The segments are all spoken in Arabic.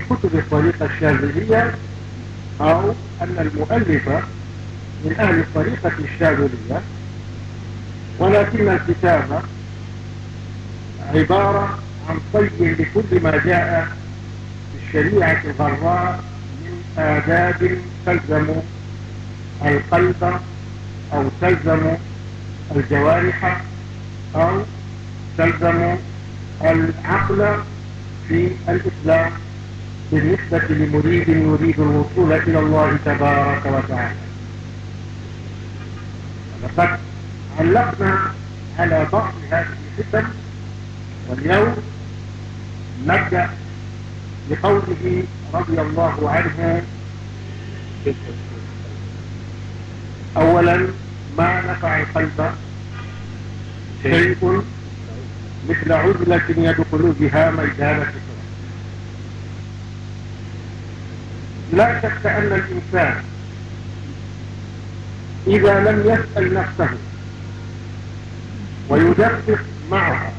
في كتب الطريقة الشاذلية أو أن المؤلف من أهل الطريقة الشاذلية ولكن الكتاب عبارة عن طي لكل ما جاء في الشريعة الغراء من آداب تلزم القلب أو تلزم الجوارح أو تلزم العقل في الإسلام بالنسبة لمريد يريد الوصول إلى الله تبارك وتعالى لقد علقنا على بعض هذه الحكم واليوم نبدأ بقوله رضي الله عنه أولا ما نفع القلب شيء مثل عزلة يد قلوبها ميدانة لا شك أن الإنسان إذا لم يسأل نفسه ويدقق معها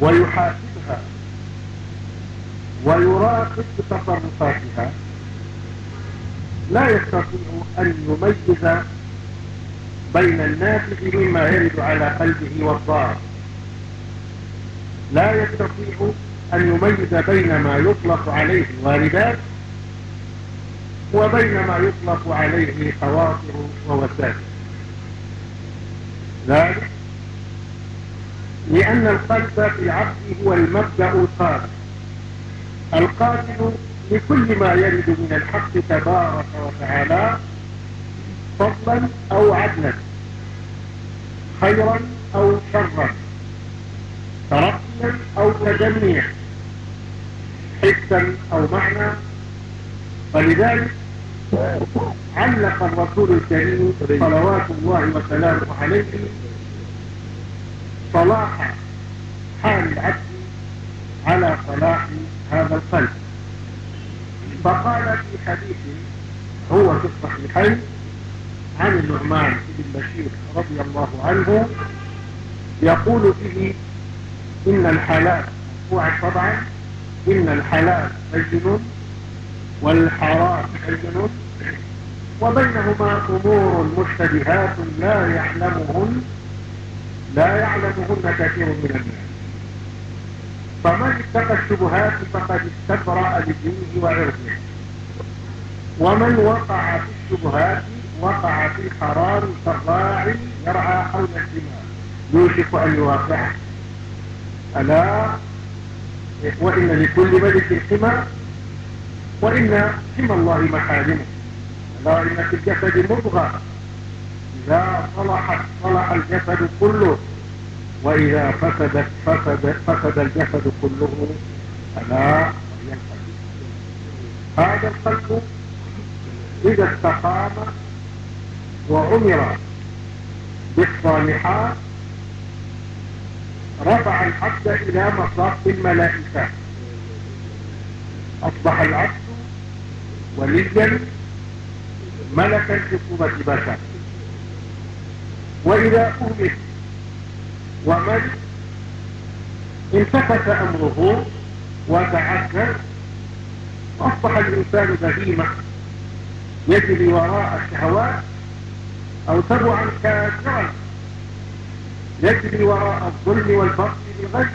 ويحاسبها ويراقب تصرفاتها لا يستطيع أن يميز بين الناس مما يرد على قلبه والضار لا يستطيع أن يميز بين ما يطلق عليه واردات وبين ما يطلق عليه خواطر ووسائل ذلك لأن القلب في العبد هو المبدأ القادم القادم لكل ما يرد من الحق تبارك وتعالى فضلا أو عدلا خيرا أو شرا ترقيا أو تجميعا حسا أو معنى ولذلك علق الرسول الكريم صلوات الله وسلامه عليه صلاح حال العبد على صلاح هذا القلب فقال في حديث هو في الصحيحين عن النعمان بن بشير رضي الله عنه يقول فيه إن الحالات هو طبعا إن الحلال الجنون والحرام الجنون وبينهما أمور مشتبهات لا يعلمهن لا يعلمهن كثير من الناس فمن اتقى الشبهات فقد استبرأ لدينه وعرضه ومن وقع في الشبهات وقع في حرام كالراعي يرعى حول الدماء يوشك أن يوافعه ألا وإن لكل ملك حمى وإن حمى الله محارمه ألا إن في الجسد مضغة إذا صلحت صلح الجسد كله وإذا فسدت فسد فسد الجسد كله ألا هي القلب هذا القلب إذا استقام وعمر بالصالحات رفع العبد إلى مصاف الملائكة أصبح العبد وليا ملكا في قوة بشر وإذا أهمل ومن انتكس أمره وتعذر اصبح الإنسان بهيمة يجري وراء الشهوات أو تبعا كافرا يجري وراء الظلم والبطل بالغد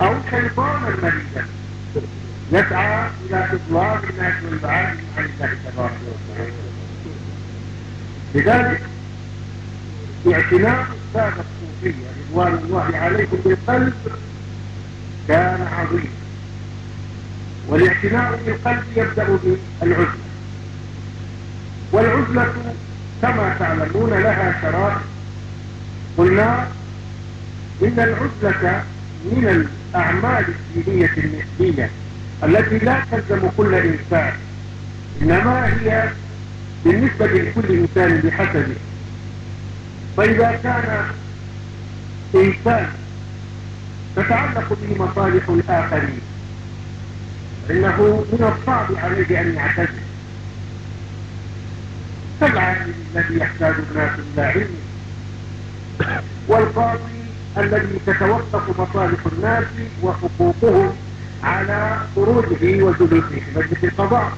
أو شيطانا مريدا يسعى إلى إضلال الناس والبعاد عن الله تبارك وتعالى لذلك اعتناء السادة الصوفية رضوان الله عليهم بالقلب كان عظيما والاعتناء بالقلب يبدأ بالعزلة والعزلة كما تعلمون لها شرائط قلنا إن العزلة من الأعمال الدينية النسبية التي لا تلزم كل إنسان إنما هي بالنسبة لكل إنسان بحسبه فإذا كان إنسان تتعلق به مصالح الآخرين فإنه من الصعب عليه أن يعتزل كالعالم الذي يحتاج الناس إلى علمه والقاضي الذي تتوقف مصالح الناس وحقوقهم على خروجه وجلوسه في مجلس القضاء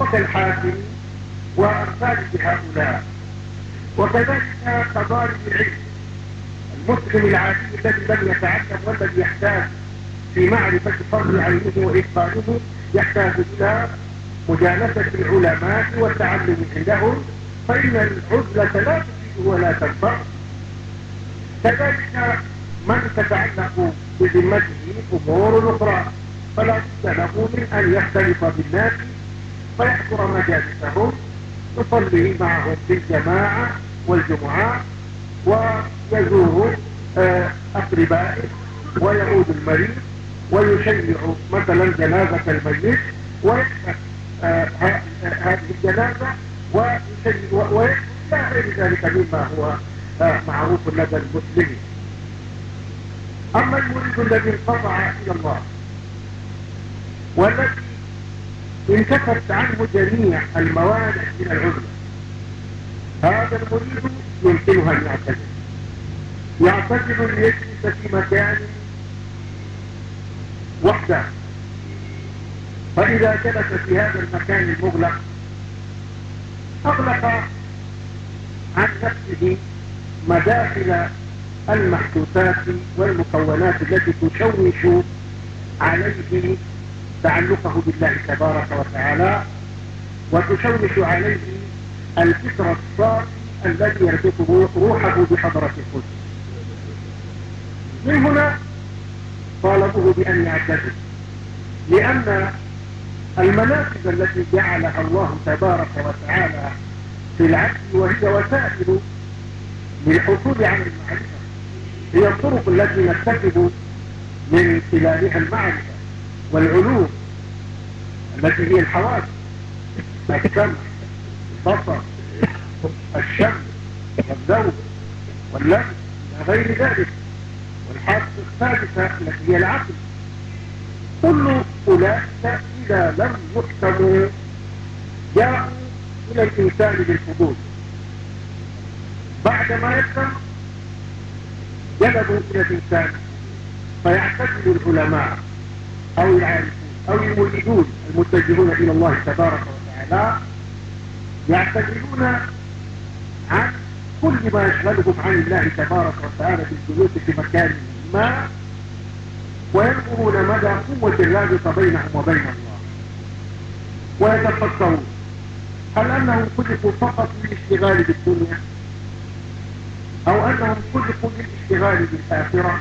وكالحاكم وأمثال هؤلاء وكذلك قضايا العلم المسلم العادي الذي لم يتعلم والذي يحتاج في معرفة فضل علمه وإتقانه يحتاج إلى مجالسة العلماء والتعلم عندهم فإن العزلة لا تفيد ولا تنفع كذلك من تتعلق بذمته أمور أخرى فلا بد له من أن يختلط بالناس فيحضر مجالسهم يصلي معهم في الجماعة والجمعة ويزور آه، أقربائه ويعود المريض ويشيع مثلا جنازة الميت ويشهد آه، هذه الجنازة ويشيع ويكتب إلى غير ذلك مما هو معروف لدى المسلم أما المريد الذي انقطع إلى الله والذي انكفت عنه جميع الموانع من العزلة هذا المريد يمكنها أن يعتزل يعتزل ليجلس في مكان وحده فإذا جلس في هذا المكان المغلق أغلق عن نفسه مداخل المحسوسات والمكونات التي تشوش عليه تعلقه بالله تبارك وتعالى وتشوش عليه الفكر الصافي الذي يربطه روحه بحضرة القدس من هنا طالبوه بأن يعتذر لأن المناقب التي جعلها الله تبارك وتعالى في العبد وهي وسائل للحصول على المعرفة هي الطرق التي نكتسب من خلالها المعرفة والعلوم التي هي الحواس السمع البصر الشم والذوق واللمس إلى غير ذلك والحاسة الثالثة التي هي العقل كل أولئك إذا لم يحكموا جاءوا إلى الإنسان بالفضول بعد ما يفهم يذهبوا إلى الإنسان فيعتدل العلماء أو العارفون أو الملحدون المتجهون إلى الله تبارك وتعالى يعتدلون عن كل ما يشغلهم عن الله تبارك وتعالى بالجلوس في مكان ما وينظرون مدى قوة الرابطة بينهم وبين الله ويتفكرون هل أنهم خلقوا فقط للاشتغال بالدنيا أو أنهم خلقوا للاشتغال بالآخرة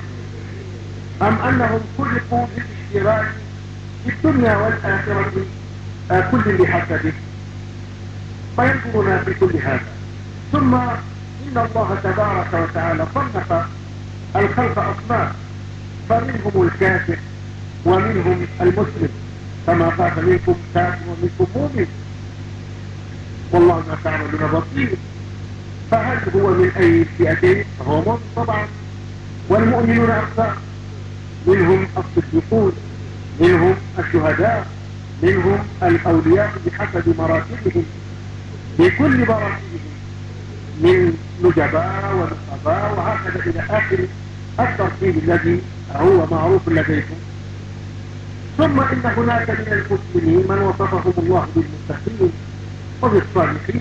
أم أنهم خلقوا للاشتغال في الدنيا والآخرة آه، كل بحسبه فينظرنا في كل هذا ثم إن الله تبارك وتعالى صنف الخلق أصناف فمنهم الكافر ومنهم المسلم كما قال منكم كافر ومنكم مؤمن والله ما بنا بصير فهل هو من أي فئتين فهو مؤمن طبعا والمؤمنون أكثر منهم الصديقون منهم الشهداء منهم الأولياء بحسب مراتبهم بكل مراتبهم من نجباء ونصباء وهكذا إلى آخر الترتيب الذي هو معروف لديكم ثم إن هناك من المسلمين من وصفهم الله بالمتقين وبالصالحين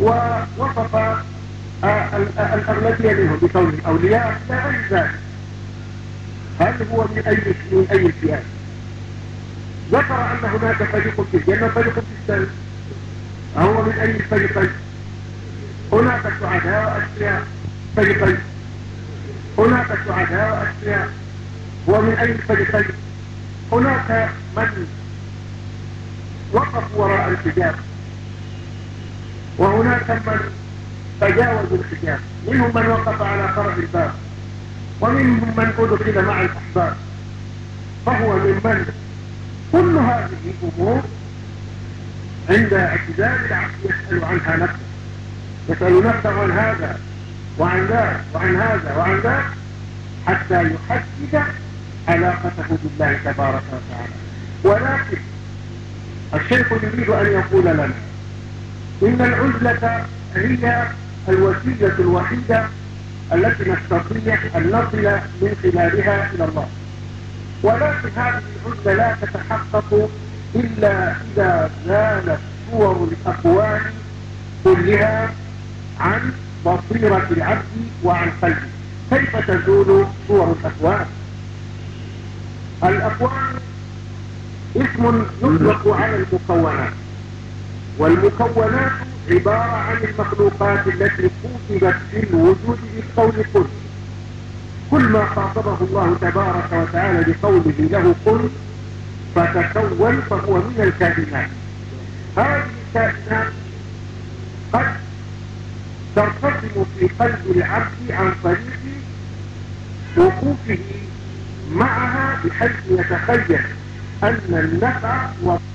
ووصف آه، آه، الأغلبية منهم بكون الأولياء لا غير ذلك هل هو من أي من أي الفئات؟ ذكر أن هناك فريق في الجنة فريق في السنة هو من أي الفريقين؟ هناك سعداء أشياء فريقين هناك سعداء أشياء ومن أي الفريقين؟ هناك من وقف وراء الحجاب وهناك من تجاوزوا الحجاب منهم من وقف على قرب الباب ومنهم من أدخل مع الأحباب فهو ممن كل هذه الأمور عند اعتزال العقل يسأل عنها نفسه يسأل نفسه عن هذا وعن ذاك وعن هذا وعن ذاك حتى يحدد علاقته بالله تبارك وتعالى ولكن الشيخ يريد أن يقول لنا إن العزلة هي الوسيلة الوحيدة التي نستطيع أن نصل من خلالها إلى الله ولكن هذه العزلة لا تتحقق إلا إذا زالت صور الأقوال كلها عن بصيرة العبد وعن قلبه كيف تزول صور الأقوال؟ الأقوال اسم يطلق على المكونات والمكونات عبارة عن المخلوقات التي كتبت في الوجود بالقول كل كل ما خاطبه الله تبارك وتعالى بقوله له قل فتكون فهو من الكائنات هذه الكائنات قد ترتسم في قلب العبد عن طريق وقوفه معها بحيث يتخيل أن النفع